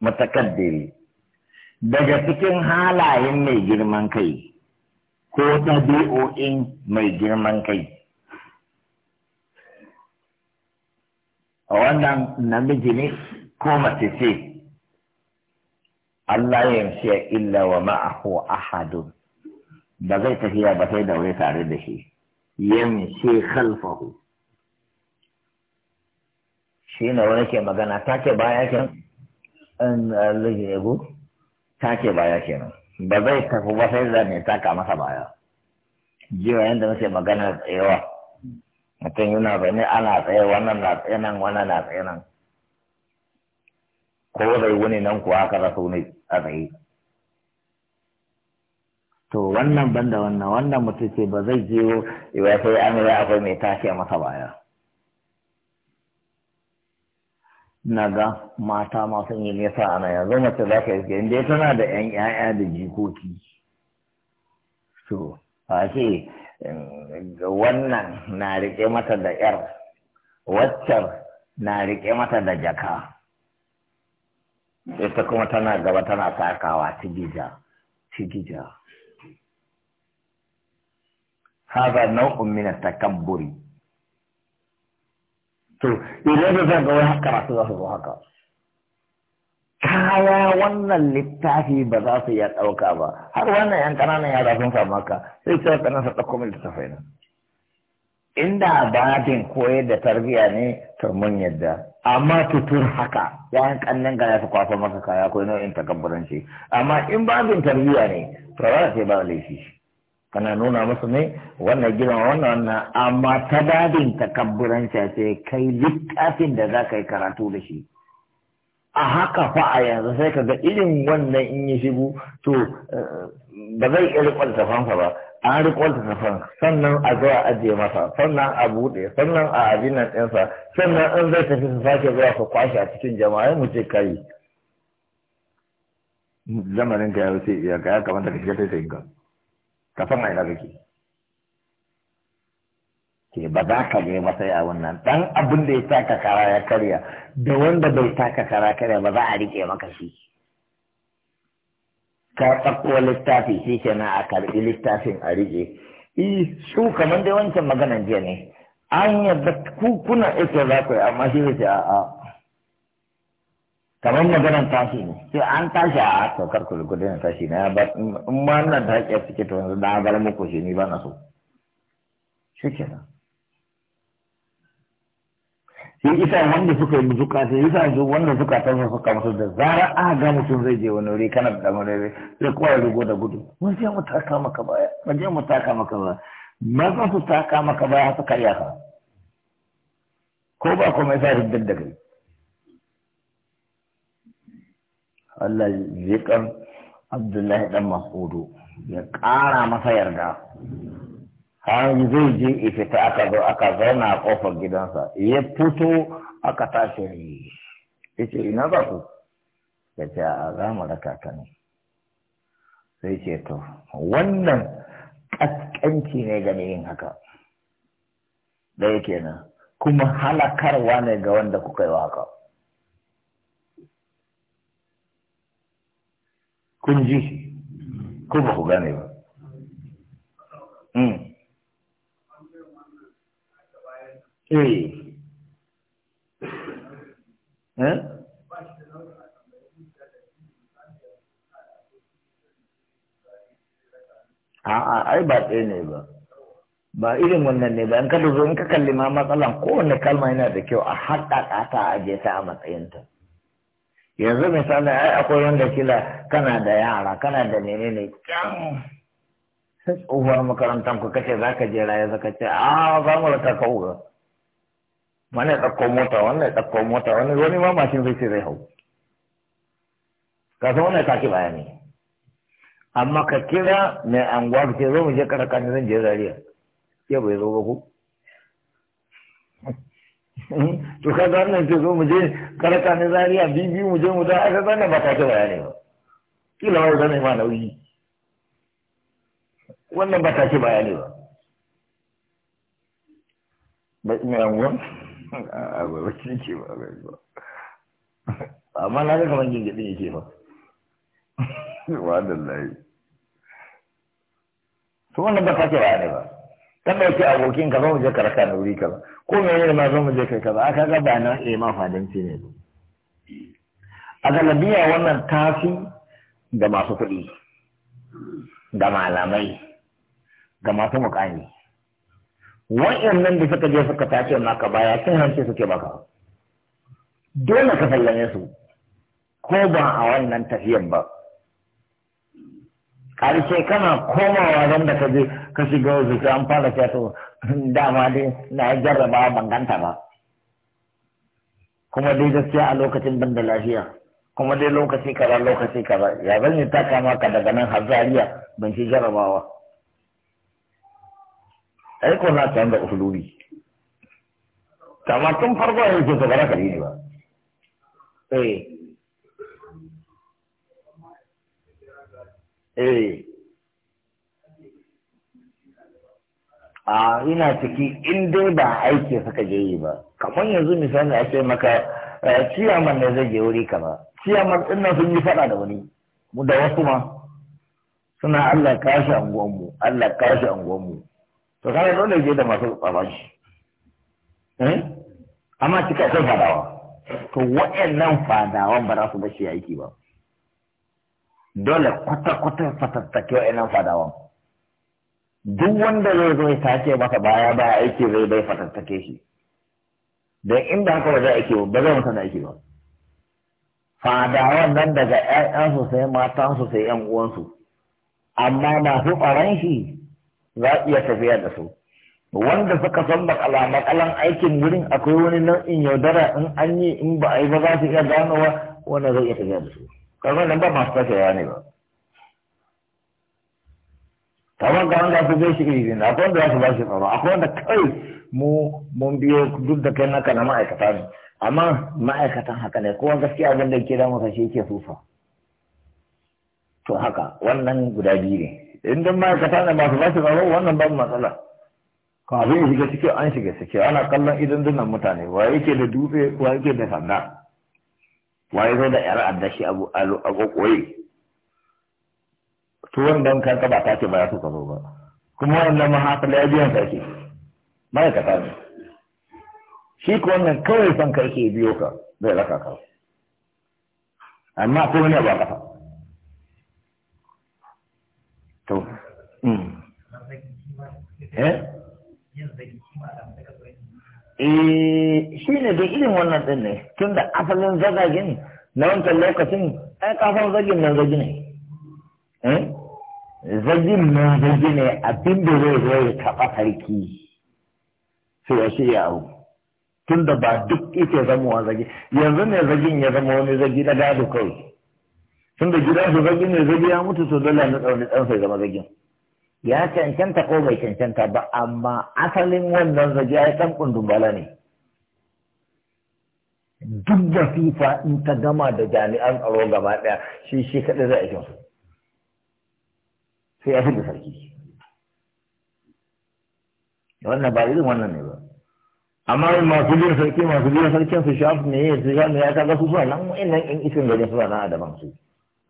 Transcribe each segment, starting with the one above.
matakaddiri daga cikin halayen mai girman kai ko ɗabi'o'in mai girman kai a wannan namiji ne ko mace ce Allah ya yamshi illa wa ma'ahu ahadun ba zai tafiya ba sai da wai tare da shi yamshi khalfahu shi ne wani ke magana ce baya kenan in lagi ne ko take baya kenan ba zai tafi ba sai za ne taka masa baya jiya yadda muke magana tsayawa mutum yana zaune ana tsaye wannan na tsaye nan wannan na tsaye nan ko zai wuni nan kuwa aka rasu ne a tsaye to wannan banda wannan wannan mutum ce ba zai jiwo ya sai an akwai mai take masa baya na ga mata masu yin nesa ana yanzu mace za ka iske inda tana da yan yaya da jikoki to a ce wannan na rike mata da yar waccan na rike mata da jaka ita kuma tana gaba tana sakawa tigija tigija haza nau'un min takabburi to idan da zan ga wai haka karatu za zo haka kaya wannan littafi ba za su iya ɗauka ba har wannan yan ƙananan yara sun samu haka sai su ƙanan nasa ɗauko mai littafai nan inda babin koyar da tarbiyya ne to mun yadda amma tutur haka yan ƙannan ga ya fi kwaso maka kaya ko nau'in takabburanci amma in babin tarbiyya ne to ba yi ba laifi kana nuna masa ne wannan girma wannan wannan amma ta dadin takabburan ce kai littafin da za ka yi karatu da shi a haka fa a yanzu sai ka ga irin wannan in yi shigo to eh, ba zai iya riƙon tafansa ba an riƙon tafan sannan a zuwa ajiye masa sannan a buɗe sannan a abin nan ɗinsa sannan in zai tafi su sake zuwa su kwashe a cikin jama'a mu ce kai zamanin ka ya wuce ya kamata ka shiga ta ka ka san aina kake ke ba za ka je masa a wannan dan abin da ya taka kara ya karya da wanda bai taka kara karya ba za a rike maka shi ka tsakko littafi shi na a karbi littafin a rike i su kamar dai wancan maganan jiya ne an yadda kukuna kuna ita za ku yi amma shi ne a kamar maganan tashi ne sai an tashi a saukar ku ku daina tashi na ba in ma nan ta ke suke to yanzu na muku shi ni ba na so shi nan shi isa wanda suka yi muzuka sai isa su wanda suka tafi suka musu da zara a ga mutum zai je wani wuri kana da murere sai kowa rugo da gudu mun je mu taka maka baya mun je mu taka maka baya maza su taka maka baya su karya ka ko ba kuma yasa su da kai Allah zikar Abdullahi dan Mas'udu ya ƙara masa yarda har zai je ifita aka zo aka zauna a ƙofar gidansa ya fito aka tashi ya ce ina za ku ya ce a za mu raka ka ne sai ce to wannan ƙasƙanci ne ga yin haka da yake nan kuma halakarwa ne ga wanda kuka yi wa haka kun ji ko ba ku gane ba hmm. eh. Eh? A'a, ai ba ɗaya ne ba. ba irin wannan ne ba in ka zo in ka kalli ma matsalan kowane kalma yana da kyau a haɗa ta a je ta a matsayinta yanzu misali ai akwai wanda kila kana da yara kana da nene ne sai tsohuwar makarantar ku kace za ka je raya za ka ce a za mu raka ka uga wani ɗakko mota wani ɗakko mota wani wani ma mashin zai ce zai hau ka san wannan ki bayani amma ka kira mai anguwa ka ce zo mu je karaka ne zan je zariya ke bai zo ba ku Hmm? to ka ga wannan ce zo mu je karaka ne zariya bibi mu mu da aka zanna ba ta ta bayani ba kila wani zanna ma nauyi wannan ba ta ce bayani ba ba ina yamuwa a ba wacce ce ba ba amma na ga kamar gingiɗi yake ba wa da to wannan ba ta ce bayani ba kan da yake abokin ka zama mu je karaka da wuri kaza ko me ne ma zama je kai kaza aka ga ba na eh ma fadanci ne a galabiya wannan tafi da masu kuɗi da malamai da masu mukami wa'annan da suka je suka tace maka baya sun hanci suke baka dole ka sallame su ko ba a wannan tafiyan ba karshe kana komawa don da ka je ka shiga wasu an fara cewa to dama dai na jarraba ban ba kuma dai gaskiya a lokacin ban da lafiya kuma dai lokaci kaza lokaci kaza ya zan yi taka maka daga nan har zariya ban ci jarrabawa ai ko na canza usuluri kama tun farko yanzu ta gara kare ne ba eh eh a ina ciki in dai ba aiki suka je yi ba kamar yanzu misali a ce maka eh, ciyaman ne zai je wuri ba, ciyaman din nan sun yi fada da wani mu da wasu ma suna Allah kashi anguwan mu Allah kashi anguwan mu to kare dole je da masu tsaron eh amma cika sai fadawa to waɗannan fadawan ba za su bashi aiki ba dole kwata-kwata fatattake wa'annan fadawan duk wanda zai zo ya sace masa baya ba aiki zai bai fatattake shi don inda haka ba zai aiki ba zai mutane aiki ba fadawan nan daga ƴaƴansu sai matansu sai 'yan uwansu amma masu tsaron shi za a iya tafiya da su wanda suka san makala makalan aikin wurin akwai wani nau'in yaudara in an yi in ba a yi ba za su iya ganowa wanda zai iya tafiya da su kaga nan ba masu ya ne ba kamar ga wanda su zai shi iri na, akwai wanda za su ba shi tsaro akwai wanda kai mu mun biyo duk da kai naka na ma'aikata ne amma ma'aikatan haka ne kuma gaskiya abin da ke damu shi ke sufa to haka wannan guda biyu ne in dan ma'aikata ne masu ba shi tsaro wannan babu matsala kafin shiga ciki an shiga ciki ana kallon idan dunan mutane wa yake da dutse wa yake da sanda waye zo da yar addashi abu abu koyi to wannan kan ka ba ta ce ba ya suka ba kuma wannan mahafala ya biyan sarki ma'aikata ne shi ko wannan kawai san kai ke biyo ka zai raka ka amma ko ne ba a kafa to eh eh shi ne da irin wannan ɗin ne tun da asalin zagagin na wancan lokacin ai kafan zagin nan zagi ne eh? zagin nan zagi ne abin da zai zo ya taɓa sarki sai ya shirya abu tun da ba duk ita zamowa zagi yanzu ne zagin ya zama wani zagi na gado kawai tun da gidansu zagi ne zagi ya mutu to dole na ɗauni ɗansa ya zama zagin ya cancanta ko bai cancanta ba amma asalin wannan zage ya kan kundumbala ne duk da fifa in ta gama da jami'an tsaro gaba ɗaya shi shi kaɗai za a yi sai ya fi da sarki wannan ba irin wannan ne ba amma masu biyan sarki masu biyan sarkin su shaf ne ya su shaf ne ya kaga su suna nan nan in isin gari suna nan a daban su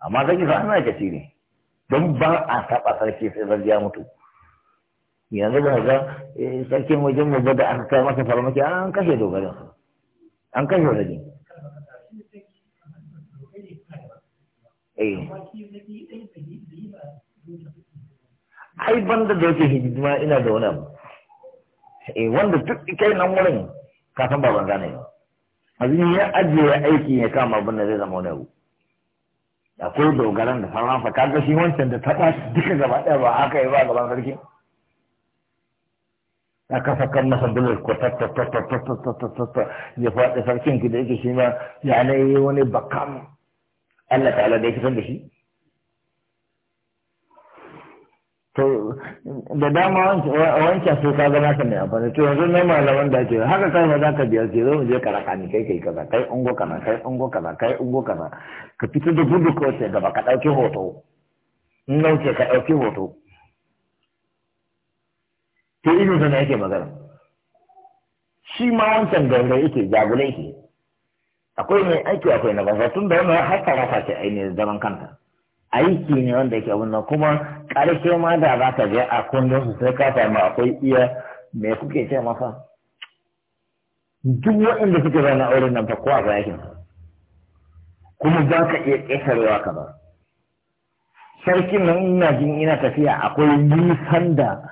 amma zaki sa ana kaci ne don ba a saba sarki sai zan ya mutu yanzu ba ga eh, sarkin wajen mu da aka kai masa farmaki an kashe dogarin an kashe rage eh. ai banda da yake hidima ina da wani abu eh wanda duk kai nan wurin ka san ba ban gane ba azumi ya ajiye aiki ya kama abin da zai zama wani abu akwai dogaran da sauransa kaga shi wancan da taɓa duka gaba ɗaya ba haka yi ba gaban sarki kasa kan masa dole ko ya faɗi sarkin ki da yake shi ma ya ne wani bakam Allah ta'ala da yake fitar da shi to da dama wanke sai ka zama ka mai amfani to yanzu na malaman da ke haka kai ba za ka biya ce zo je kara kani kai kai kaza kai ungo kaza kai ungo kaza kai ungo kaza ka fito da gudu ko sai gaba ka ɗauki hoto in nauce ka ɗauki hoto to ilu da yake magana shi ma wancan gangan yake jagulai ke akwai mai aiki akwai na banza tun da wannan har sarrafa ce ainihin zaman kanta aiki ne wanda yake abin nan kuma ƙarshe ma da za ka je a kundin su sai ka samu akwai iya me kuke ce masa duk waɗanda suke zaune auren nan fa kowa zakin kuma za ka iya ƙetarewa ka ba sarkin nan ina jin ina tafiya akwai nisan da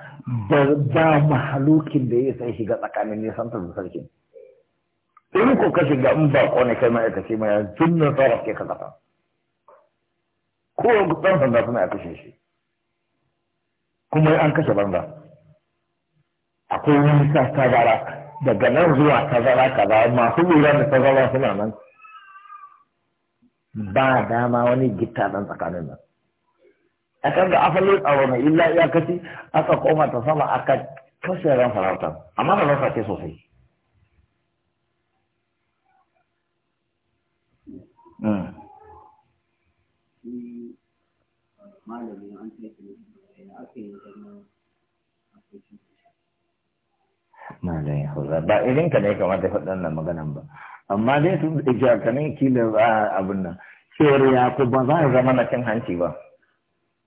ba mahalukin da ya sai shiga tsakanin nisan ta sarkin in ko ka shiga in ba kone kai ma'aikaci mai yanzu tsara ke ka zafa ko za su suna ya kashe shi kuma an kashe banza akwai nisa tazara daga nan zuwa tazara kaza masu lura da tazara suna nan ba dama wani gita nan tsakanin nan a kan da afalin tsaro na illa iyakaci aka koma ta sama aka kashe ran farauta amma da rasa ce sosai hmm. malamin an ya hausa ba irin ka ne kamata faɗin nan maganan ba amma dai tun da ija ka ne kila abin nan cewar ya ko ba za a zama na cin hanci ba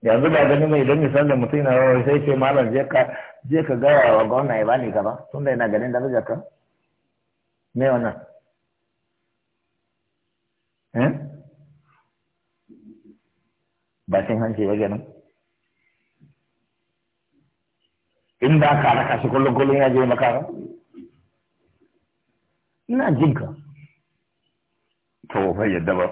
yanzu ba gani mai don misali da mutum na rawar sai ce malam je ka je ka gaya wa gwamna ya bani ka ba tun da yana ganin da ka me wannan eh? ba cin hanci ba kenan in ba ka raka shi kullum kullum ya je makara ina jin ka to fa yadda ba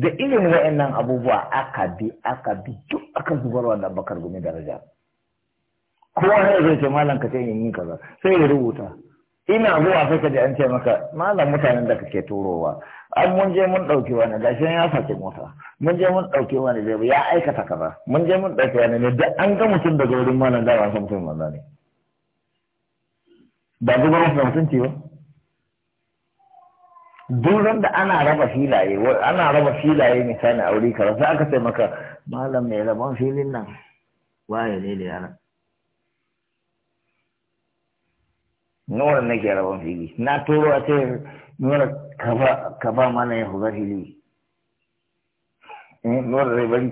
da irin wa'annan abubuwa aka bi aka bi duk aka zubar wannan bakar gumi daraja kowa ne zai ce malam ka ce yin kaza sai ya rubuta ina zuwa sai ka ji an ce maka malam mutanen da kake turowa an mun je mun ɗauki wani gashi ya sake mota mun je mun ɗauki wani zai ya aikata kaza mun je mun ɗauki wani ne duk an ga mutum daga wurin malam da san mutum manza ne ba zubar masa mutunci ba duk da ana raba filaye ana raba filaye misali aure kaza sai aka ce maka malam mai rabon filin nan waye ne da yana nora nake rabon fili na turo a ce nora ka ba mana ya huga fili eh, nora zai bari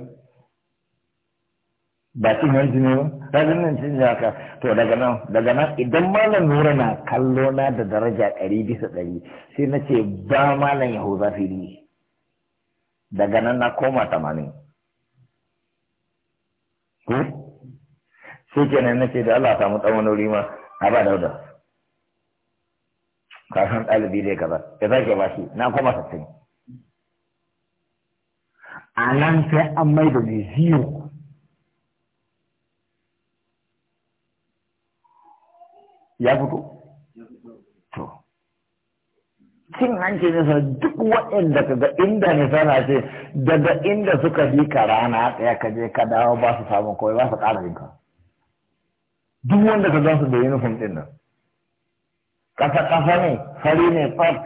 ba cin ji ne ba zan nan cin haka to daga nan daga nan idan malam nura na kallo na da daraja ɗari bisa ɗari sai na ce ba malam ya huga fili daga nan na koma tamanin sai kenan na ce da Allah samu tsawon wuri ma a ba dauda ka san ɗalibi zai kaza ya sake ba shi na kuma sassan a nan sai an mai da ziyo ya fito to cin hanci ne sa duk waɗanda ka ga inda ne sana ce daga inda suka bi ka rana ɗaya ka je ka dawo ba su samun kawai ba su ƙara ka duk wanda ka su da yunifom ɗin nan ƙasa ƙasa ne fari ne fat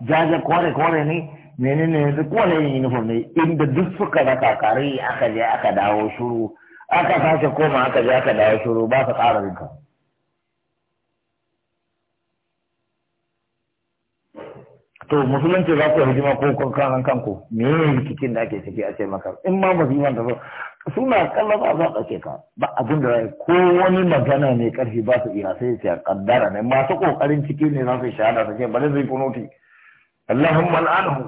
jaje kore kore ne menene yanzu kowane yin uniform ne inda duk suka raka kare aka je aka dawo shuru aka sace koma aka je aka dawo shuru ba su ƙara rinka. to musulunci za ku hijima ko kun kanan kanku me ne rikicin da ake ciki a ce maka in ma musulman da suna kallon ba za ce ka ba abin da ko wani magana ne karfi ba su iya sai a kaddara ne masu kokarin ciki ne za su shahada su ce bari zai kunoti Allahumma al'anhu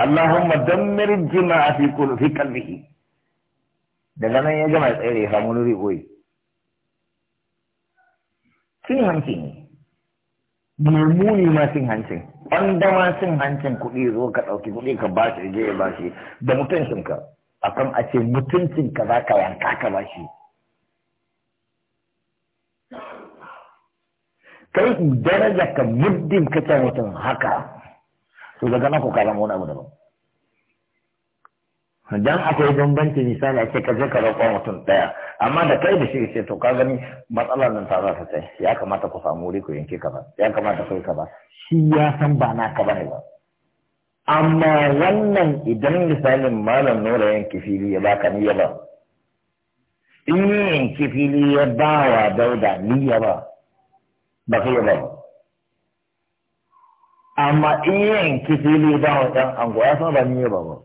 Allahumma dammir jima'a fi kulli qalbihi daga nan ya gama tsere ya samu nuri koyi cin hanci ne mummuni ma hancin an dama cin hancin kuɗi zo ka ɗauki kuɗi ka ba shi je ya ba shi da mutuncinka a kan a ce mutuncinka za ka yanka ka ba shi kai daraja ka muddin ka mutum haka to daga nan ku kalamu wani abu daban dan akwai bambanci misali a ce ka je ka mutum ɗaya amma da kai da shi ce to ka gani matsalar nan ta za ta tsaye ya kamata ku samu wuri ku yanke ba ya kamata kai ba shi ya san ba na ka bane ba amma wannan idan misalin malam nora yanke fili ya baka ni ba in yanke fili ya ba wa dauda ni ba ba kai ya ba amma in yanke fili ya ba wa dan ango ya san ba ni ba ba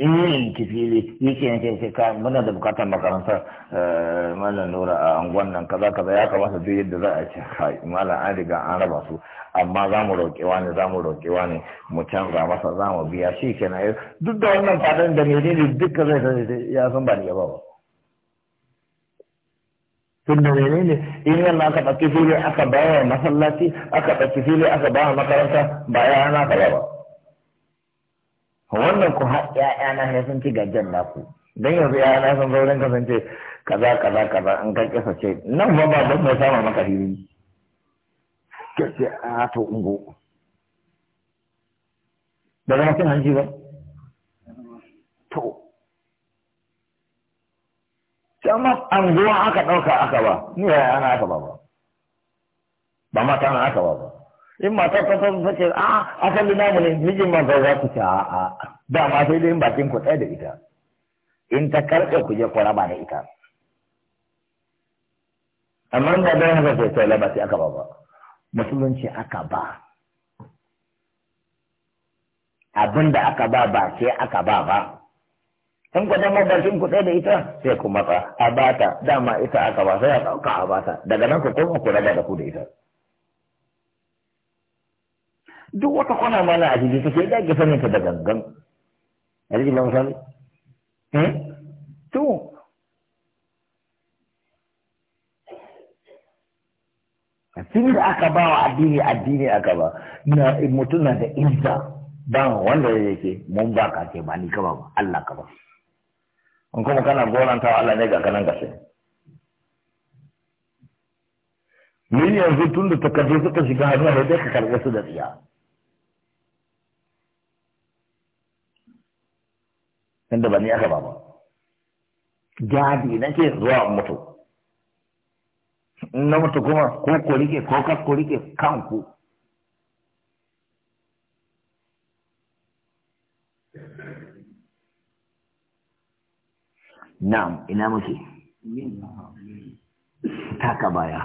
in eh, yi yanki fili yake yanke ce ka muna da bukatar makarantar eh, mana nura a angon nan kaza kaza ya kamata duk yadda za a ce malam an riga an raba su amma za mu roƙewa ne za mu roƙewa ne mu canza masa za mu biya shi yau eh, duk da wannan fadin da duk duka zai san ya san ba da yaba ba tun da ne in yamma aka ɗauki fili aka bayar masallaci aka ɗauki fili aka bayar makaranta ba ya ana kaza ba wannan ku har ƴaƴana ne sun ci gajiyar naku dan yanzu ƴaƴana sun zo ka sun ce kaza kaza kaza an ka kisa ce nan ba ba don mai sama maka hiri ke ce a to ungo da zama cin hanci ba to sama an zuwa aka ɗauka aka ba ni ya ana aka ba ba ba mata na aka ba ba in matar ta a asali namu ne nijin matar za ku ce a ba, da ma sai dai bakin ku tsaye da ita in ta karɓe ku je ku raba da ita amma da dan haka sai sai laba aka ba ba musulunci aka ba abin da aka ba ba ke aka ba ba in ku zama bakin ku tsaye da ita sai ku matsa a bata dama ita aka ba sai a ɗauka a bata daga nan ku koma ku raba da ku da ita duk wata kwana ma na ajiye ta da ga sanin ta da gangan alji ba misali eh to tun da aka ba wa addini addini aka ba na mutum na da inda ba wanda yake mun ba ka ce ba ni ka ba Allah ka ba in kuma kana goranta Allah ne ga kanan gashi ni yanzu tun da takardu suka shiga hannu da ka karɓi su da tsiya tunda ba ni aka ba ba jadi nake zuwa mutu na mutu kuma ko ku rike ko ka ku rike kanku na'am ina muke taka baya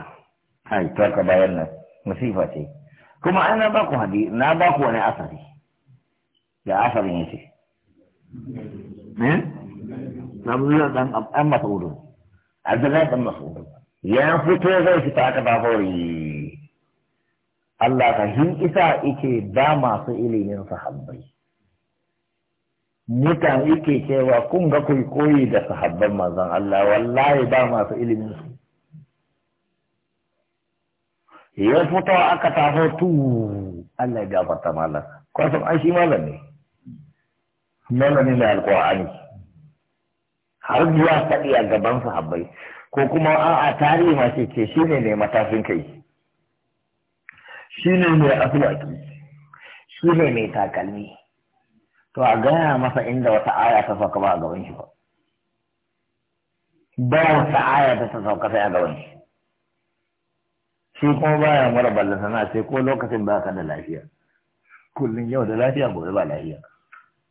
ai taka bayan nan musifa ce kuma ana ba ku hadi na ba ku wani asari da asarin yace eh Abdullah dan an mas'ud Abdullah dan mas'ud ya fito zai fita ta babori Allah ka hin isa ike ba masu ilimin sahabbai mutan ike cewa kun ga kai koyi da sahabban mazan Allah wallahi ba masu ilimin su ya fito aka taho tu Allah ya gafarta malam kwasan an shi malam ne ne da alƙawari. har zuwa faɗi a gaban sahabbai ko kuma a tarihi ma ce ce shi ne mai matakin kai shi ne mai afilaki shi ne mai takalmi to a gaya masa inda wata aya ta sauka ba a gaban shi ba ba wata aya ta sauka sai a gaban shi shi kuma baya mara ballasa na sai ko lokacin ba ka da lafiya kullum yau da lafiya gobe ba lafiya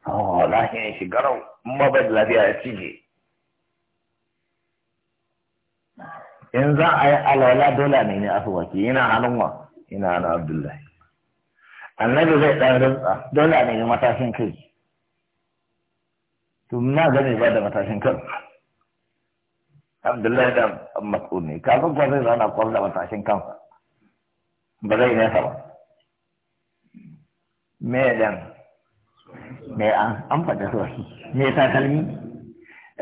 oh lahirin shi garau ma bai lafiya ya cije in za a yi alwala dole ne ne asuwaki yana hannun wa yana hannun abdullahi annabi zai ɗan rinsa dole ne ne matashin kai to na gane ba da matashin kai abdullahi da mas'ud ne kafin kwa zai zana kwar da matashin kansa ba zai nesa ba me dan mai an an faɗa su mai takalmi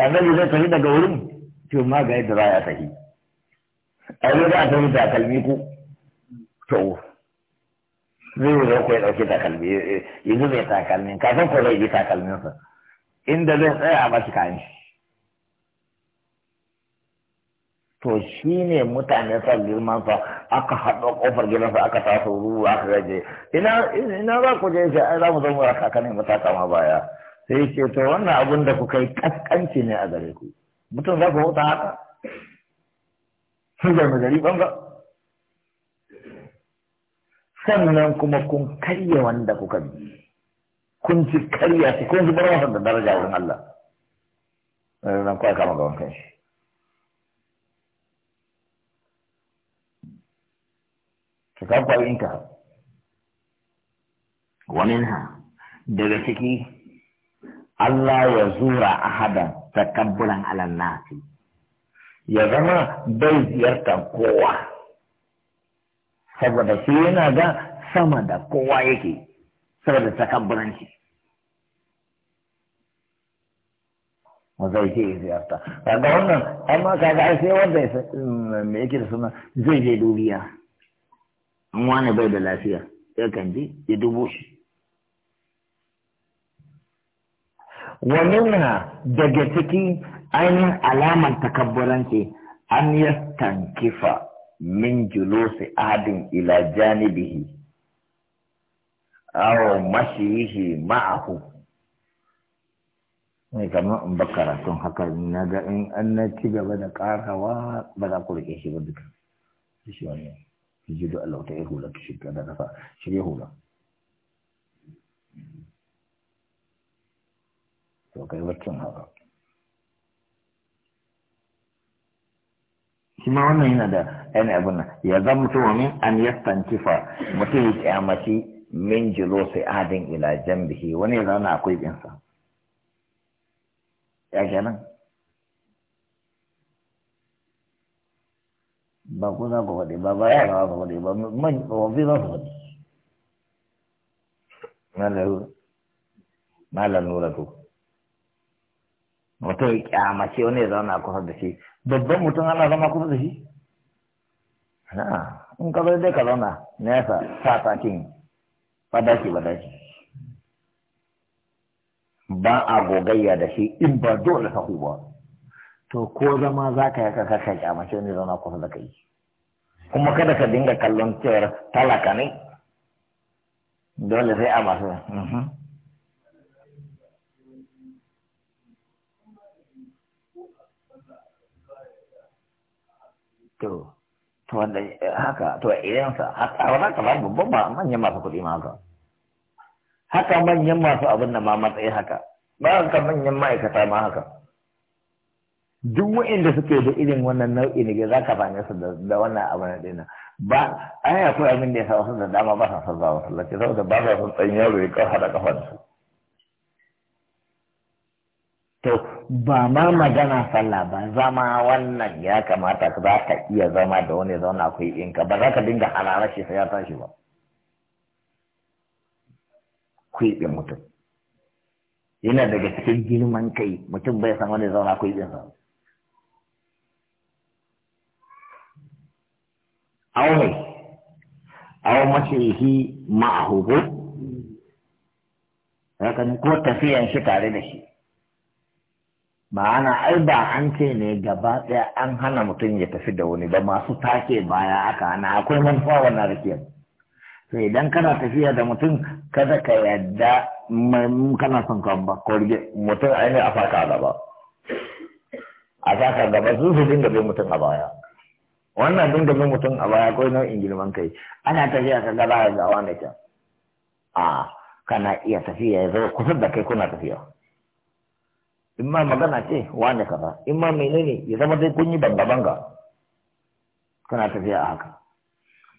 annabi zai tafi daga wurin to ma ga yadda za a tafi a yi za a tafi takalmi ku to zai wuce ku ya ɗauki takalmi yanzu mai takalmin kafin ku zai yi takalminsa inda zai tsaya a bashi kayan shi to shi ne mutane sa girman sa aka haɗa ƙofar sa aka taso ruwa aka gaje ina ina za ku je shi ai za mu mu raka kan mu taka ma baya sai ce to wannan abun da ku kai kaskanci ne a gare ku mutum za ku huta haka sun zama gari ba. sannan kuma kun karya wanda kuka bi kun ci karya su kun bar masa da daraja wurin Allah. Ranar kwa kama kanshi. ha daga ciki Allah ya zura احدا تكبرا على الناس ya zama bai ziyarta kowa saboda shi yana ga sama da kowa yake saboda takabburanci shi zai ya ziyarta daga wannan amma kaga ai sai wanda ya yake da suna zai je duniya an wani bai da lafiya ya kan ji ya dubo shi wani na daga ciki ainihin alamar takabburanci an tankifa min julusi ahadin ila janibihi awo mashihi ma'ahu mai kamar in ba karatun haka na ga in an na ci gaba da karawa ba za ku rike shi ba duka shi wannan ji da Allah ta yi hula ta shiga da kafa shirya hula to kai waccan haka shi ma wannan yana da yana abin nan ya zamto min an yastankifa mutum ya kyamaci min jilo sai adin ila jambihi wani ya zauna akwai binsa ya nan. ba ku za ku faɗi ba ba yara za ku faɗi ba man tsofi za ku faɗi malam nura to mutum ya kyamace wani ya zauna kusa da shi babban mutum ana zama kusa da shi in ka zai dai ka zauna nesa sa sakin fadashi fadashi ba a gogayya da shi in ba dole sahu ba to ko zama za ka yi ka kyamace wani ya zauna kusa da kai kuma kada ka dinga kallon cewar talaka ne dole sai a masu mhm. to to wanda eh, haka to idan sa haka wanda ka ba babban ba manyan masu kuɗi ma haka haka manyan masu abin da ma matsayi haka ba haka manyan ma'aikata ma haka duk wa'inda suke da irin wannan nau'in ne za ka fahimta su da wannan abu na dina ba ai akwai abin da ya sa wasu da dama ba sa son zuwa masallaci saboda ba sa son tsan yaro ya kafa da kafa da su to ba ma magana salla ba zama wannan ya kamata za ka iya zama da wani zauna akwai inka ba za ka dinga halarar shi sai ya tashi ba kuɗi mutum yana daga cikin girman kai mutum bai san wani zauna kwiɓin sa aure au mashrihi ma'ahu ko ko tafiyan shi tare da shi ma'ana ai ba an ce ne gaba ɗaya an hana mutum ya tafi da wani ba masu take baya aka hana akwai manufa wannan rakiyar to idan kana tafiya da mutum kada ka yadda kana son kan ba ko mutum ainihin a faka gaba a faka gaba su su dinga bin mutum a baya wannan din da mutum a baya akwai nau'in girman kai ana tafiya ka gaba ya zawa da can a kana iya tafiya ya zo kusa da kai kuna tafiya in ma magana ce wani kaza in ma menene ya zama dai kun yi banga banga kana tafiya a haka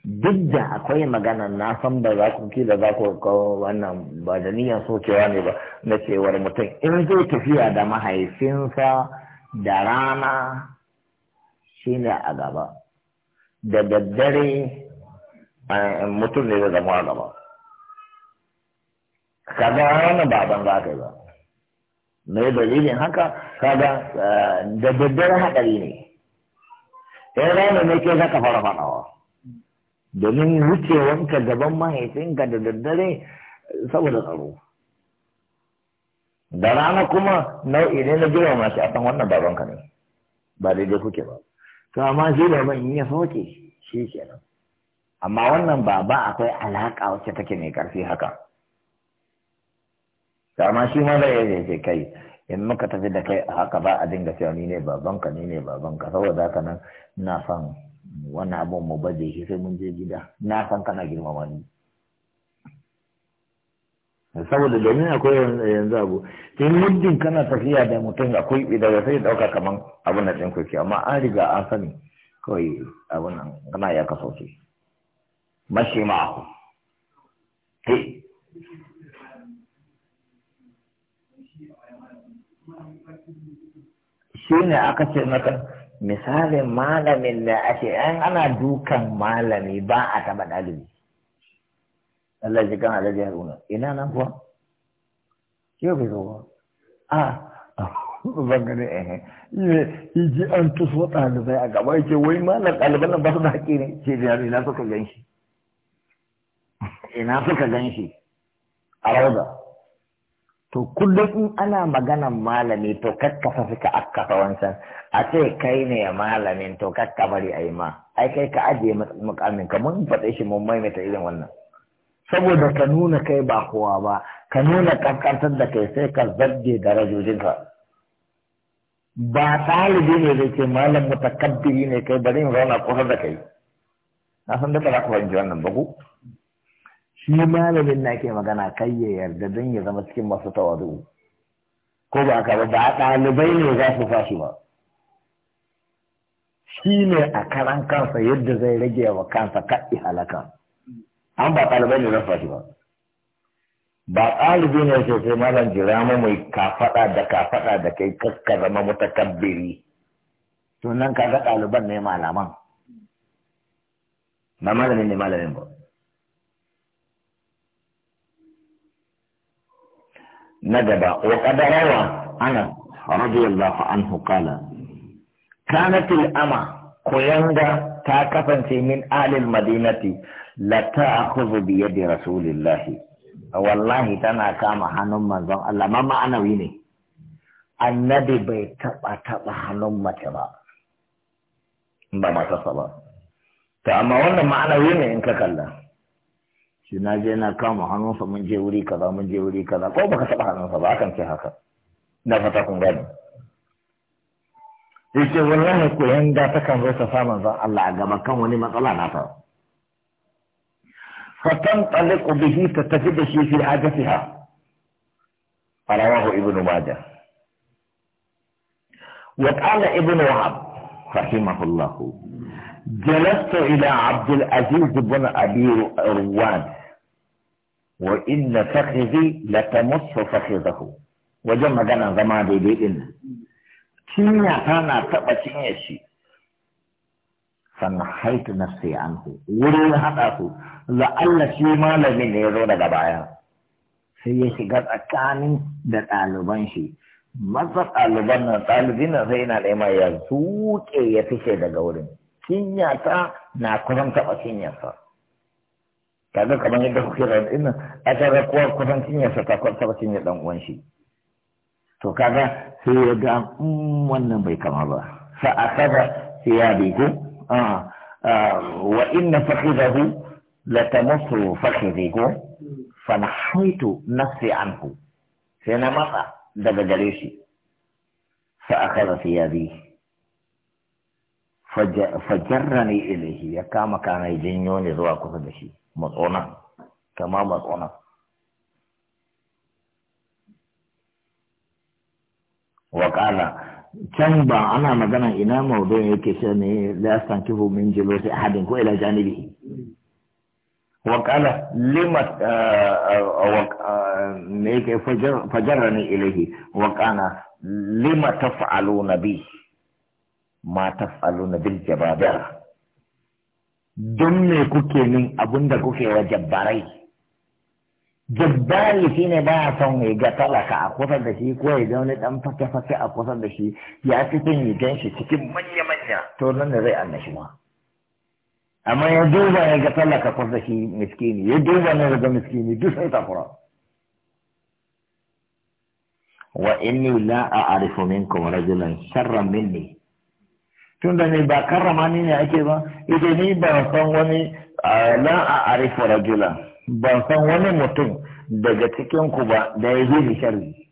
duk da akwai magana na san ba za ku ki da za ku wannan ba da niyyar sokewa ne ba na cewar mutum in zai tafiya da mahaifinsa da rana shine a gaba da daddare mutum ne da zama a gaba kaga wani ba za ka yi ba me dalilin haka kaga da daddare haɗari ne sai rana ne ke zaka fara faɗawa domin wucewanka gaban mahaifinka da daddare saboda tsaro da rana kuma nau'i ne na girma masu a san wannan babanka ne ba daidai kuke ba to amma shi da ban ya soke shi kenan amma wannan baba akwai alaka wacce take mai karfi haka to amma shi ma zai ce kai in muka tafi da kai haka ba a dinga cewa ni ne babanka ni ne babanka saboda haka nan na san wannan abun mu baje shi sai mun je gida na san kana girmama ni saboda domin akwai yanzu abu sai muddin kana tafiya da mutum akwai idan sai dauka kaman abin da din kuke amma an riga an sani kawai abin nan kana ya kaso su mashi ku te shi ne aka ce maka misalin malamin da ake an ana dukan malami ba a taɓa ɗalibi Allah ji kan ya haruna ina nan kuwa yau bai zo ba a ban gani eh yi eh. ji an tuso ɗalibai a gaba yake wai malam ɗaliban nan ba su da haƙƙi ne ce da ina suka gan ina suka gan shi a rauda to kullum in ana maganan malami to kakkafa suka akkafa wancan a ce kai ne malamin to kakka bari a yi ma ai kai ka ajiye mukamin ka mun faɗe shi mun maimaita irin wannan saboda ka nuna kai ba kowa ba ka nuna kankantar da kai sai ka zarge da darajojinka ba ɗalibi ne da ke malam mutakabbiri ne kai bari in zauna kusa da kai na san da za ku fahimci wannan ba ku shi malamin na ke magana kai ya yarda don ya zama cikin masu tawadu ko ba ka ba ba ɗalibai ne za su fashi ba shi ne a karan kansa yadda zai rage wa kansa kaɗi halaka an ba ɗalibai ne zan fashi ba ba ɗalibi ne sai sai malam jira mu mai kafaɗa da kafaɗa da kai kakka zama mutakabbiri to nan ka ga ɗaliban ne malaman ba malamin ne malamin ba na gaba wa ƙadarawa ana radiyallahu anhu qala kanat al ama kuyanga ta kasance min alil madinati la ta'khudhu bi yadi rasulillahi wallahi tana kama hannun manzon Allah ma ma'anawi ne annabi bai taba taba hannun mace ba ba mata ba to amma wannan ma'anawi ne in ka kalla shi na je na kama hannunsa mun je wuri kaza mun je wuri kaza ko baka taba hannunsa ba akan ce haka na fata kun gani yake wallahi ko yan da ta kan zo ta samu zan Allah a gaba kan wani matsala na ta fatan taliqu bihi ta tafi da shi fi hajatiha rawahu ibnu majah wa qala ibnu wahab rahimahullah جلست إلى عبد العزيز بن أبي رواد وإن فخذي لتمص فخذه وجمع جنا زمان بيدي cinya tana na taɓa cinye shi sannan haitu na sai an hu wurin haɗa su Allah shi malami ne ya zo daga baya sai ya shiga tsakanin da ɗaliban shi maza ɗaliban nan ɗalibin nan sai yana ɗaya ya zuƙe ya fice daga wurin cinya ta na kusan taɓa cinyarsa kaga kamar yadda kuke raɗin ina, aka ga kusan cinyarsa ta kusan taɓa cinyar ɗan uwan shi to kaga sai ya ga hmm, wannan bai kama ba fa akaba thiyabihi ah, ah wa inna fakhidahu latamassu fakhidihi fa nahaitu nafsi anhu sai na matsa daga gare shi fa akaba thiyabihi fajarrani ilaihi ya kama kana janyo ne zuwa kusa da shi matsona kama matsona وقال can ba ana magana ina maudu'in yake shi ne la yastankihu min sai ahadin ko ila janibihi wa lima eh, eh, eh, me yake fajarrani ilayhi wa qala lima na bi ma na bil jababera. don me kuke min abinda kuke wa jabbarai jabbari shi ne ba son ya ga talaka a kusa da shi ko ya wani dan fake-fake a kusa da shi ya fi son ya gan shi cikin manya-manya to nan da zai annashi ma amma ya duba ya ga talaka kusa da shi miskini ya duba ne ga miskini duk sai takura wa inni la a'rifu minkum rajulan sharran minni tun da ni ba karrama ni ne ake ba ita ni ba san wani la a'rifu rajulan ban san wani mutum daga cikin ku ba da ya yi sharri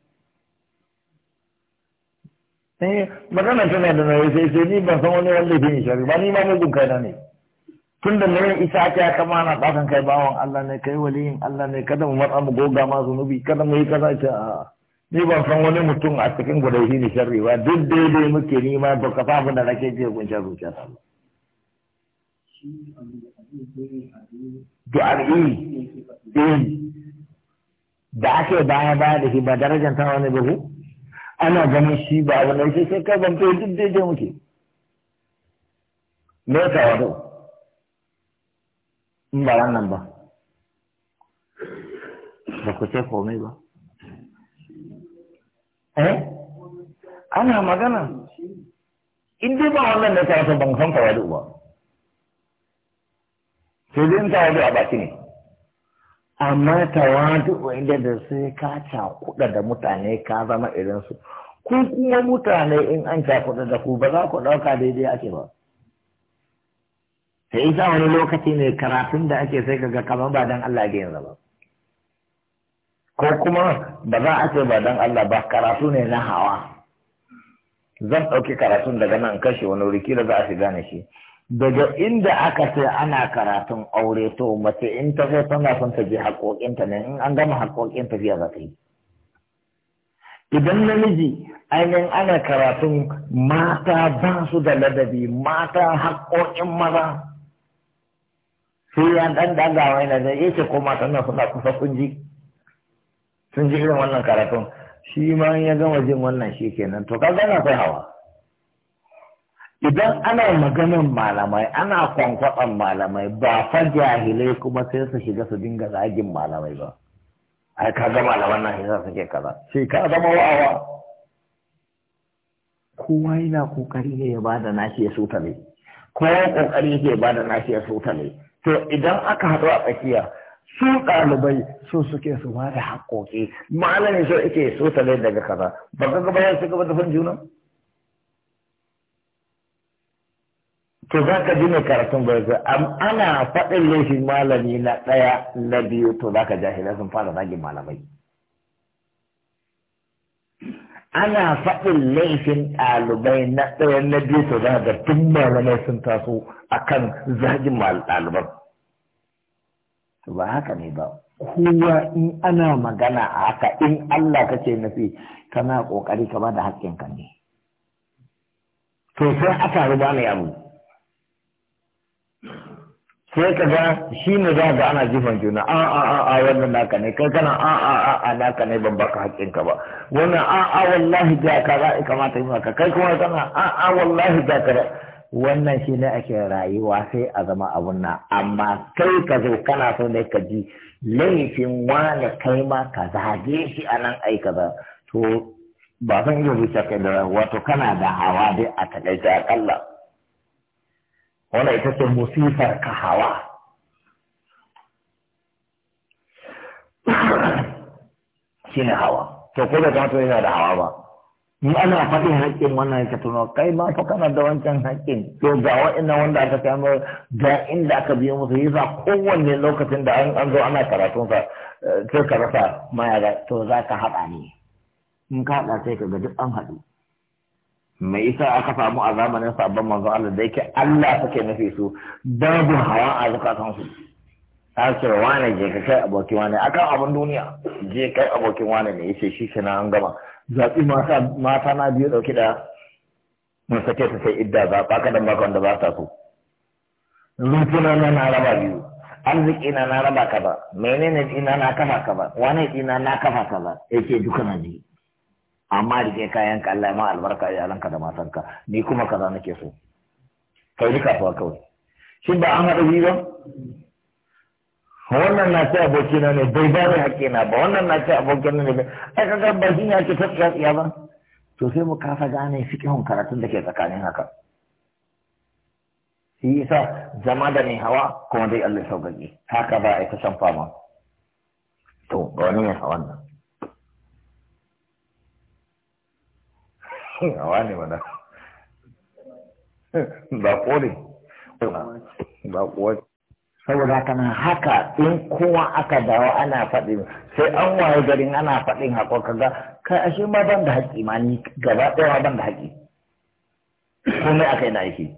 eh magana tana da nayi sai sai ni ban san wani wanda ya yi sharri ba ni ma mugun kaina ne tun da nan isa ta kama na ɗakan kai bawan Allah ne kai waliyin Allah ne kada mu matsa mu goga ma zunubi kada mu yi kaza ce a ni ban san wani mutum a cikin ku da ya yi sharri ba duk daidai muke ni ma ba ka fafa da nake je kun sharri ta Allah du'a'i din ba ake baya baya da shi ba darajar ta wani bugu ana ganin shi ba wani sai sai kai ban kai duk wado ba ba ba eh ana magana inda ba wannan da ta san ka wado ba sai dai ta wadu a baki ne amma tawadu wanda da sai ka cakuɗa da mutane ka zama irinsu ku kuma mutane in an cakuɗa da ku ba za ku ɗauka daidai ake ba sai isa wani lokaci ne karatun da ake sai ga kamar ba don Allah ga yanzu ba ko kuma ba za a ce ba don Allah ba karatu ne na hawa zan ɗauki karatun daga nan kashe wani rikira kila za a shiga gane shi daga inda aka ce ana karatun aure to mace in ta zo tana son ta je haƙoƙinta ne in an gama haƙoƙin tafiya za ta yi idan namiji ainihin ana karatun mata ba su da ladabi mata haƙoƙin maza sai ya ɗan ga yana da ya ce ko matan na suna kusa kun ji sun ji irin wannan karatun shi ma ya gama jin wannan shi kenan to ka gana sai hawa idan ana maganin malamai ana kwankwaɗon malamai ba fa jahilai kuma sai su shiga su dinga zagin malamai ba ai ka ga malaman nan sai suke kaza shi ka zama wa'awa kowa yana kokari ne ya bada nashi ya ne kowa kokari yake bada nashi ya ne to idan aka haɗu a tsakiya su ɗalibai su suke su bada haƙoƙi malamin so yake ne daga kaza ba ga gaba ya su gaba da juna to za ka ji mai karatun gwarzo ana faɗin laifin malami na ɗaya na biyu to za ka jahilai sun fara zagin malamai ana faɗin laifin ɗalibai na ɗaya na biyu to za ka tun malamai sun taso akan zagin ɗaliban to ba haka ne ba kowa in ana magana a haka in Allah ce nufi kana ƙoƙari ka ba da haƙƙinka ne to sai aka ruba ne abu sai ka ga shi ne za ga ana jifan juna a a a a wannan naka ne kai kana a a a a naka ne ban baka haƙƙinka ba wannan a a wallahi da ka za kamata yi maka kai kuma kana a a wallahi da ka wannan shi ne ake rayuwa sai a zama abun nan amma kai ka zo kana so ne ka ji laifin wane kai ma ka zage shi a nan ai kaza to ba san iya zuciya kai da wato kana da hawa dai a takaice akalla wannan ita ce musifar kahawa shi ne hawa to ko da ta yana da hawa ba ni ana faɗin haƙƙin wannan ya tuno kai ma fa kana da wancan haƙƙin to ga wa'annan wanda aka samu ga inda aka biyo musu yasa kowanne lokacin da an zo ana karatun sa eh, sai ka rasa ma to za ka haɗa ne in ka haɗa sai ka ga duk an haɗu mai isa aka samu a zamanin sabon manzo Allah da yake Allah suke nufi su babu hawa a zakatan su ta ce wane je ka kai abokin wane akan abin duniya je kai abokin wane ne yace shi kenan an gama zaɓi mata mata na biyu dauki da mun sake ta sai idda za ba kadan ba wanda ba ta so rufuna na na raba biyu arziki na na raba ka ba menene ina na kafa ka ba wane ina na kafa ka ba yake duka na ji amma ke kayan ka Allah ma albarka ya ranka da matanka ni kuma kaza nake so kai duka fa kawai shin ba an haɗa ba wannan na ce abokina ne bai ba da haƙƙi na ba wannan na ce na ne ai kaga ba shi ne ake tafiya tsiya ba to sai mu kafa gane fikihun karatun da ke tsakanin haka shi yasa zama da mai hawa kuma dai Allah sauƙaƙe haka ba a ta san fama to ba wani mai hawan nan hawa ne mana ba ba saboda haka nan haka in kowa aka dawo ana faɗin sai an waye garin ana faɗin haƙo kaga kai ashe ma ban da haƙi ma ni gaba ɗaya ban da haƙi komai aka yi na aiki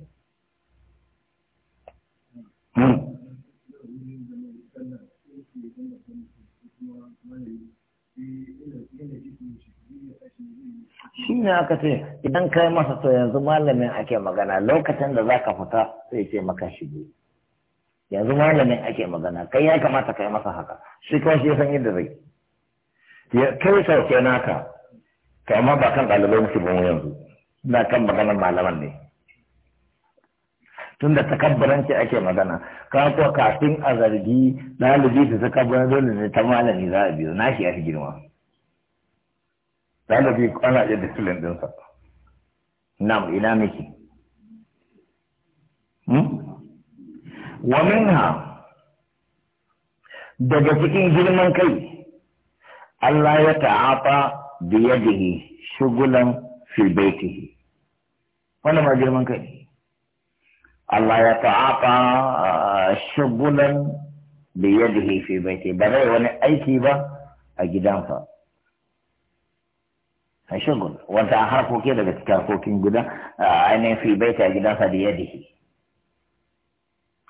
shi ne aka ce idan kai masa to yanzu malamin ake magana lokacin da za ka fita sai ce maka biyu, yanzu malamin ake magana kai ya kamata kai masa haka shi kawai shi san yadda zai ya kai ke naka kai ma ba kan ɗalibai muke yanzu na kan maganar malaman ne tunda takabbaranci ake magana ka kuwa kafin a zargi ɗalibi su takabbaran dole ne ta malami za a biyo na shi ya fi girma ɗalibi ana iya distilin ɗinsa mu ina miki Wani na daga cikin girman kai Allah ya ta'afa biyadihi shugulan fi baitihi ma girman kai Allah ya ta'afa ah, shugulan biyadihi fi baitihi ba zai wani aiki ba a gidansa shagun wanda a harkoki daga cikin harkokin gida a ainihin fi baita sa da yadihi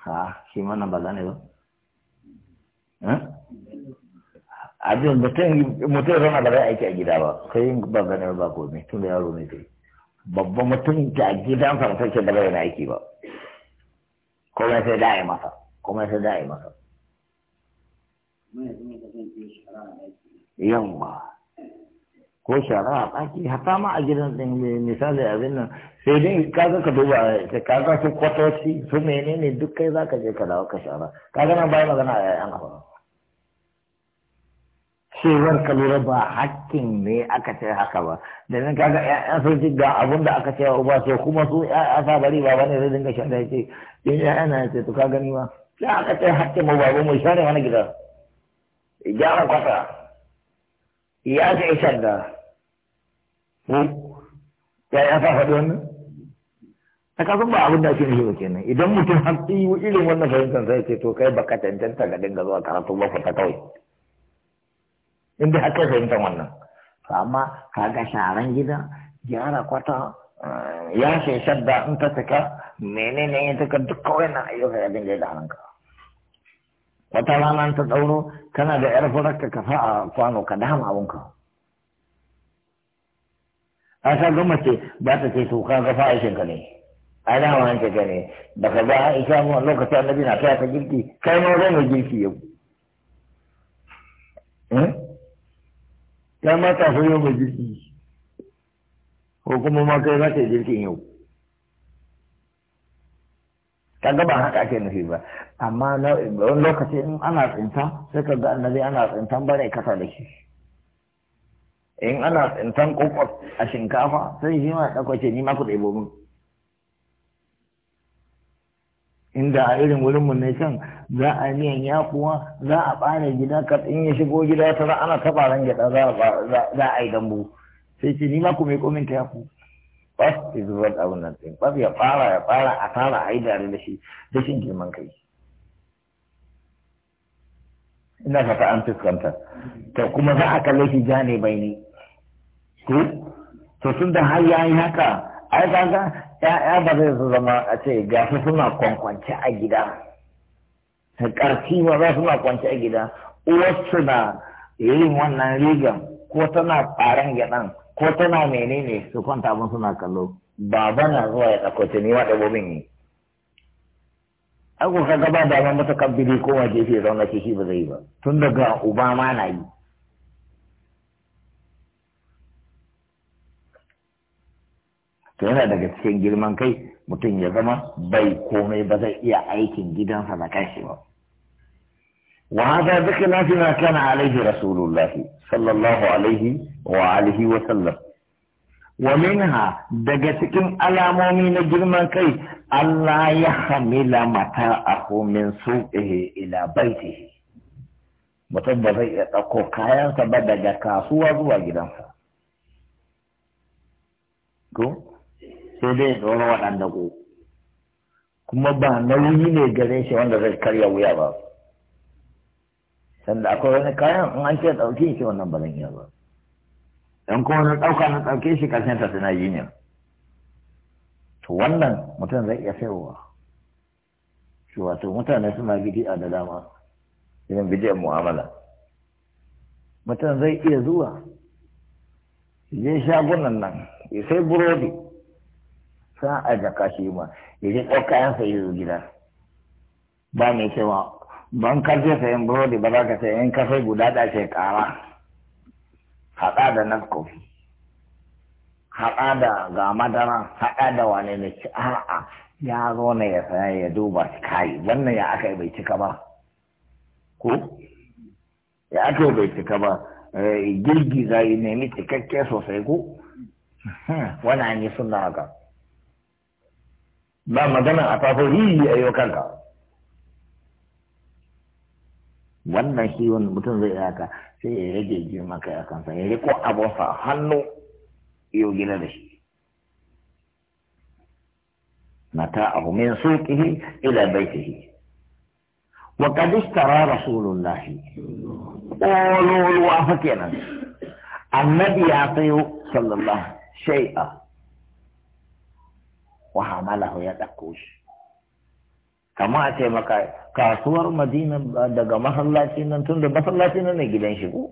ha shi mana ba zane ba eh? abin mutum mutum zama da zai aiki a gida ba yin ba zane ba komai tun da yaro ne kai babban mutum da sa mutum ke da zai na aiki ba komai sai da'i masa komai sai yi masa yamma ko shara a ɗaki hata ma a gidan ɗin misali abin nan sai dai ga ka duba ka ga su kwatoci su menene duk kai za ka je ka dawo ka shara ga nan bayan magana a yayan abu cewar ka ba hakkin ne aka ce haka ba domin ga ƴaƴa sun ji ga abin da aka ce wa sai kuma su ƴaƴa sa bari ba bane zai dinga shan da ce, in ƴaƴa na ce to ka gani ma sai aka ce hakkin mu ba mu share wani gida gyara kwata ya ga isar da ya ya ta faɗi wannan a kasan ba abin da ake nufi kenan idan mutum har irin wannan fahimtar sai ce to kai baka cancanta ga dinga zuwa karatu ba ta kawai inda haka fahimtar wannan amma kaga sharan gida gyara kwata eh, ya shadda in ta cika menene ya ka duk kawai na ayyuka ya dinga da hanka wata rana ta tsauro kana da yar furarka ka sa a kwano ka dama abunka a sa gama ce ba ta ce su kan gafa a ka ne a dama an ka ne ba ka ga aisha mu lokacin annabi na kai ta girki kai ma zai mai girki yau hmm? kai ma ta fi yau mai girki ko kuma ma kai za ta yi girkin yau kaga ba haka ake nufi ba amma wani lokaci in ana tsinta sai ka ga annabi ana tsintan bare kasa da shi in ana tsintan kokos a shinkafa sai shi ma ɗauka ce ni ma ku ɗebo min inda a irin wurinmu ne can za a miyan kuwa za a ɓare gida ka in ya shigo gida ta ana taɓa ran gyaɗa za a yi dambu sai ce ni ma ku mai komin ta yaku bas ya zubar abin nan ɗin ya fara ya fara a fara a yi dare da shi da shi girman kai ina fata an fuskanta to kuma za a kalle shi ja ne bai ne ko to sun da har ya yi haka ai ga ya'ya ba zai su zama a ce ga su suna kwankwance a gida ƙarfi ba za su suna kwance a gida uwarsu na yin wannan rigan ko tana ɓaran gyaɗan ko tana menene su kwanta mun suna kallo baba na zuwa ya ɗauko ta nima da bobin yi ako ka gaba da mun mutaka bidi ko waje gefe zauna ce shi ba zai ba tun daga uba ma na yi to yana daga cikin girman kai mutum ya zama bai komai ba zai iya aikin gidansa da kashi ba وهذا بخلاف ما كان عليه رسول الله صلى الله عليه وآله وسلم ومنها دقتكم على مؤمن جرما كي ألا يحمل متاعه من سوقه إلى بيته mutum ba zai iya ɗauko kayansa ba daga kasuwa zuwa gidansa ko sai dai ya tsoro waɗanda ko kuma ba nauyi ne gare shi wanda zai karya wuya ba sanda akwai wani kayan in an ce ɗauke shi wannan ba zan iya ba in kuma na ɗauka na ɗauke shi ƙarshen ta suna yi ne to wannan mutum zai iya saiwa shi wato mutane suna a da dama irin bidi'ar mu'amala mutum zai iya zuwa je shagunan nan ya sai burodi sa a jaka shi ma ya je ɗauka yansa yi zo gida ba mai cewa ban karfe sayan burodi ba za ka sayan kafai guda ɗaya ce ƙara haɗa da nasko haɗa da ga madara haɗa da wane ne ci a'a ya zo ne ya saya ya duba kai wannan ya aka yi bai cika ba ko ya aka yi bai cika ba eh, girgi za yi nemi cikakke sosai ko wani an yi suna haka ba magana a tafi yi a yau kanka wannan shi wani mutum zai haka sai ya rage girma kai a kansa ya riko abunsa hannu yau gina da shi mata abu min suqihi ila baitihi wa qad rasulullahi ƙololuwa wa kenan? annabi ya sayo sallallahu shay'a wa hamalahu ya ɗauko shi kama a ce maka kasuwar madina eh, daga masallaci nan tun da masallaci nan ne gidan shigo.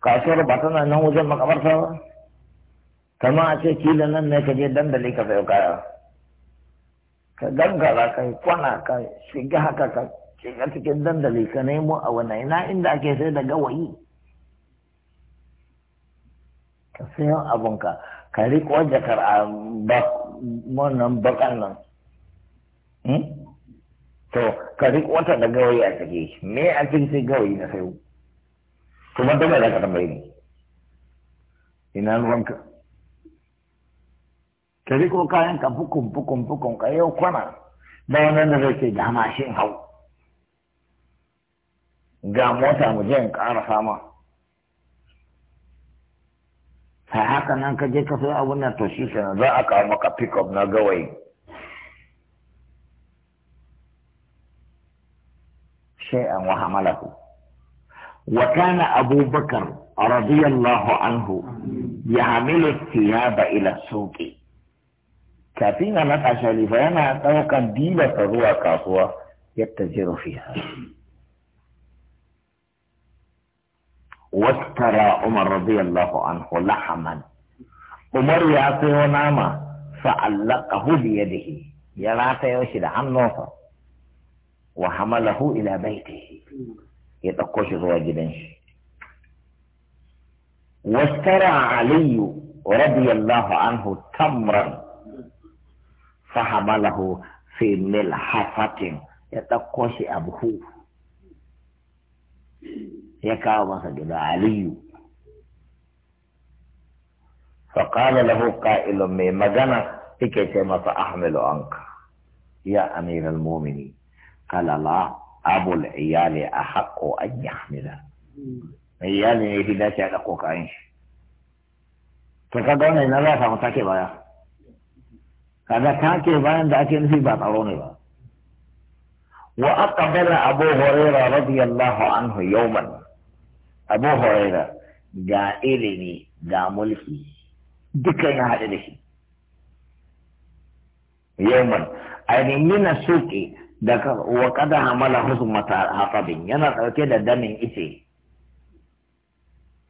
kasuwar ba tana nan wajen makabarta ba kama a ce kila nan ne ka je dandali ka sayo kaya ka gangara kai kwana ka shiga haka ka shiga cikin dandali ka nemo a wani ina inda ake sai da gawayi ka sayo abunka ka riƙo jakar a wannan bakan nan hmm? to ka duk wata da gawayi a ciki me a cikin sai gawayi na sayo kuma dole za ka tambaye ni ina ruwanka ka riko kayan ka fukun fukun fukun ka yau kwana da wannan da zai ce da mashin hau ga mota mu je in ƙara sama ta haka nan ka je ka sayo abun nan to shi kenan za a kawo maka pick up na gawayi شيئا وحمله وكان أبو بكر رضي الله عنه يعمل الثياب إلى السوق كافينا نفع شريفة أنا أتوقع ديلة روى كافوة يتجر فيها واشترى عمر رضي الله عنه لحما عمر يعطي ناما فعلقه بيده يا راتي وشد عن نوفر وحمله إلى بيته يتقوش هو جدنش واشترى علي رضي الله عنه تمرا فحمله في ملحفة يتقوش أبوه يكاو مسجد علي فقال له قائل من مجنة تكي سيما فأحمل عنك يا أمير المؤمنين قال لا أبو العيال أحق أن يحمل عيال يهدى لا تعلقك عنش فكذا أنا لا فمتاكي بايا هذا تاكي بايا دعكي نفي باطلوني بايا وأقبل أبو هريرة رضي الله عنه يوما أبو هريرة ga ilimi ga mulki duka ya haɗu da shi yauman ainihin daga wa kada hamala mata hafabin yana dauke da damin ice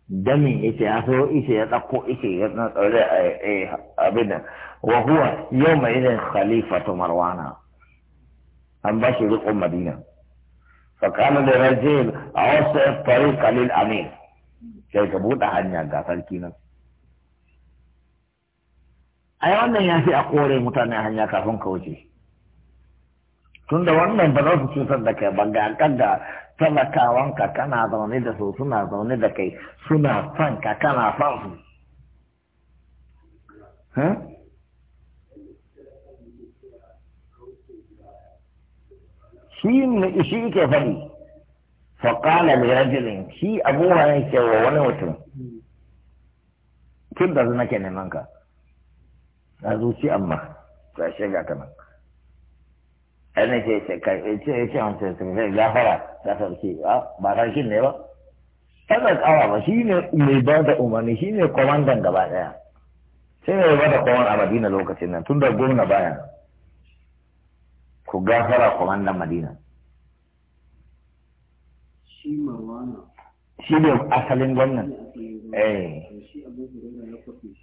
damin ice a so ice ya tsakko ice ya tsare abin nan wa huwa yawma idan khalifatu marwana an ba shi riƙon madina fakana da rajil a wasu fari kalil amin sai ka buɗe hanya ga sarki nan ai wannan ya fi a kore mutane hanya kafin ka wuce tunda wannan ba za su cutar da kai ba ga kan da talakawanka kana zaune da su suna zaune da kai suna son ka kana son su shi shi ke faɗi faƙala mai rajulin shi abubuwa ne ke wa wani mutum tun da zuna ke neman ka na zuci amma ta shiga kanan ana ce ce kai ce ce an ce ce ce gafara da sarki ba sarkin ne ba kada tsawa ba shi ne mai ba da umarni shi ne kwamandan gaba daya sai ne ba da kwaman a madina lokacin nan tun da gwamna baya ku gafara kwamandan madina shi ne asalin gwamnan eh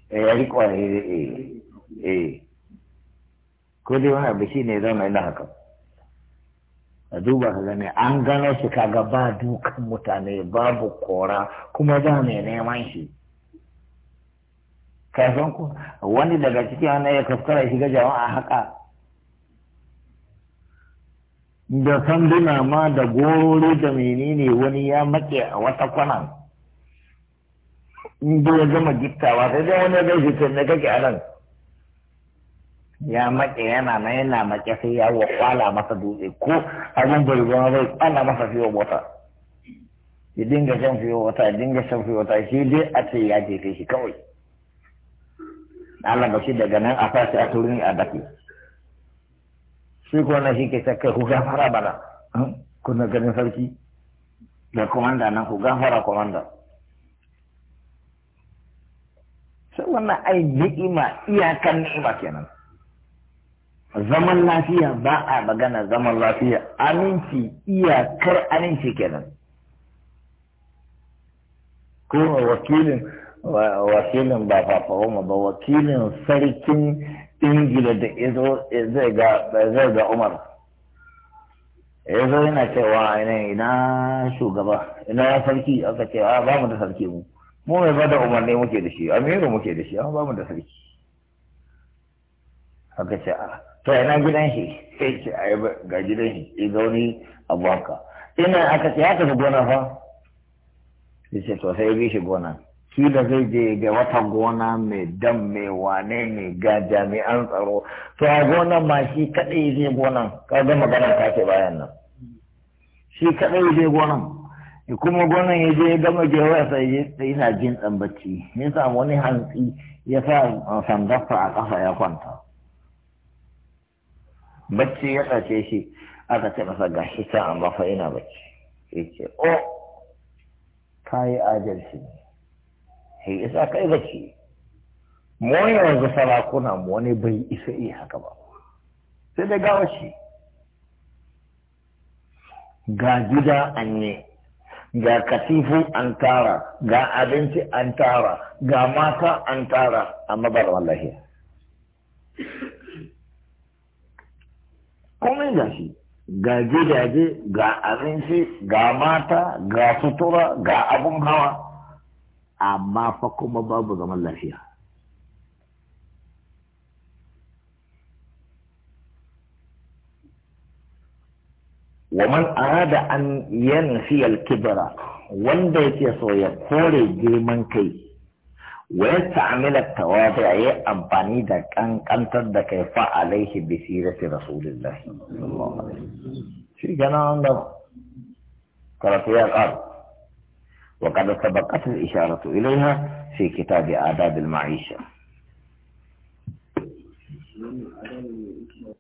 ya riko eh eh ko dai wani abu shi ne zama ina haka a duba ka gani an gano shi kaga ba dukan mutane babu kora kuma ba mai neman shi kafin ku wani daga ciki wani ya kaskara shiga jama'a haka da sanduna ma da gorori da menene wani ya make a wata kwanan in ya gama gittawa sai dai wani ya gaishe ne kake a nan ya maƙe yana na yana maƙe sai ya wa kwala masa dutse ko abin bai zama bai kwala masa fiye bota. ya dinga shan fiye bota, ya dinga shan fiye bota, shi dai a ce ya jefe shi kawai Allah ba shi daga nan a sashi a turin a dake shi ko na shi ke sakai ku gafara bana kuna ganin sarki da komanda nan ku gafara komanda sai wannan ai ni'ima iyakan ni'ima kenan zaman lafiya ba a magana zaman lafiya aminci iyakar aminci kenan ko wakilin wakilin ba fafawoma ba wakilin sarkin ingila da zai ga umar ya zo yana cewa ina shugaba ina sarki aka ce ah, ba mu da sarki mu mu mai ba da umarni muke da shi amiru muke da shi amma ba mu da sarki aka ce a ah, to ina gidan shi sai ce ai ga gidan shi sai zauni a abu ina aka ce ya tafi gona fa sai ce to sai bi shi gona shi da zai je ga wata gona mai dam mai wane ne ga jami'an tsaro to a gona ma shi kadai zai gonan ka ga magana ta ce bayan nan shi kadai zai gonan kuma gonan ya je gama gewaya sai yana jin dan bacci ya samu wani hantsi ya sa sandarsa a kafa ya kwanta bacci ya sace shi aka ce masa ga shi can amma fa ina bacci ya ce o oh, ka yi adalci ne sai isa kai bacci mu yanzu sarakuna mu wani bai isa iya haka ba sai dai gawa shi ga gida an ne, ga katifu an tara ga abinci an tara ga mata an tara amma ba da wallahi komai ga shi ga gidaje ga abinci ga mata ga sutura ga abun hawa amma fa kuma babu zaman lafiya ومن أراد أن ينفي الكبر وان يكي سو kore جيمان kai. ويستعمل التواضع أباني دا كان كان تدك عليه بسيرة رسول الله صلى الله عليه وسلم شيء جنان ده قال وقد سبقت الإشارة إليها في كتاب آداب المعيشة